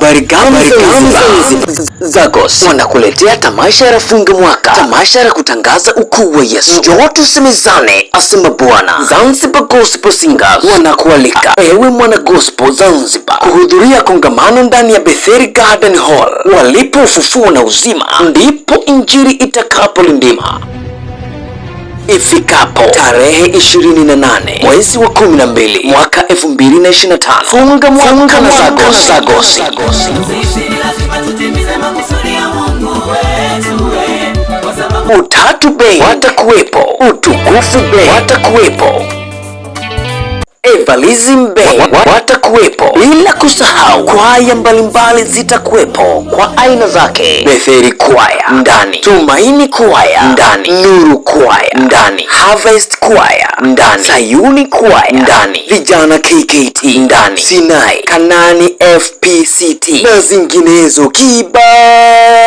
Habari Zagos wanakuletea tamasha ya funga mwaka, tamasha ya kutangaza ukuu wa Yesu. Njoo tusemezane, asema Bwana. Zanzibar Gospel Singers wanakualika ah, ewe mwana gospel Zanzibar kuhudhuria kongamano ndani ya betheri Garden Hall walipo ufufuo na uzima, ndipo injili itakapolindima ifikapo tarehe 28 mwezi wa 12 mwaka 2025. Funga mwaka na Sagosi. Utatu Bei watakuwepo, Utukufu Bei watakuwepo. Mbalizi Mbe watakuwepo, bila kusahau kwaya mbalimbali zitakuwepo kwa aina zake: Betheri kwaya ndani, Tumaini kwaya ndani, Nuru kwaya ndani, Harvest kwaya ndani, Sayuni kwaya ndani, Vijana KKT ndani, Sinai Kanani FPCT na zinginezo kibao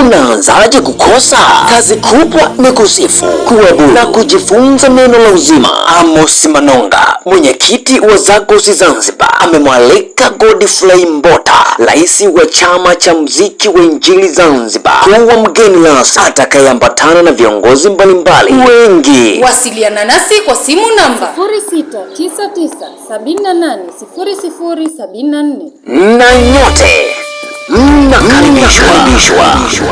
unaanzaje kukosa? Kazi kubwa ni kusifu, kuabudu na kujifunza neno la uzima. Amos Manonga, mwenyekiti wa ZAGOS Zanzibar, amemwalika Godfrey Mbota, rais wa chama cha mziki wa injili Zanzibar, kuwa mgeni rasmi atakayeambatana na viongozi mbalimbali wengi. Wasiliana nasi kwa simu namba 0699780074 na nyote mnakaribishwa.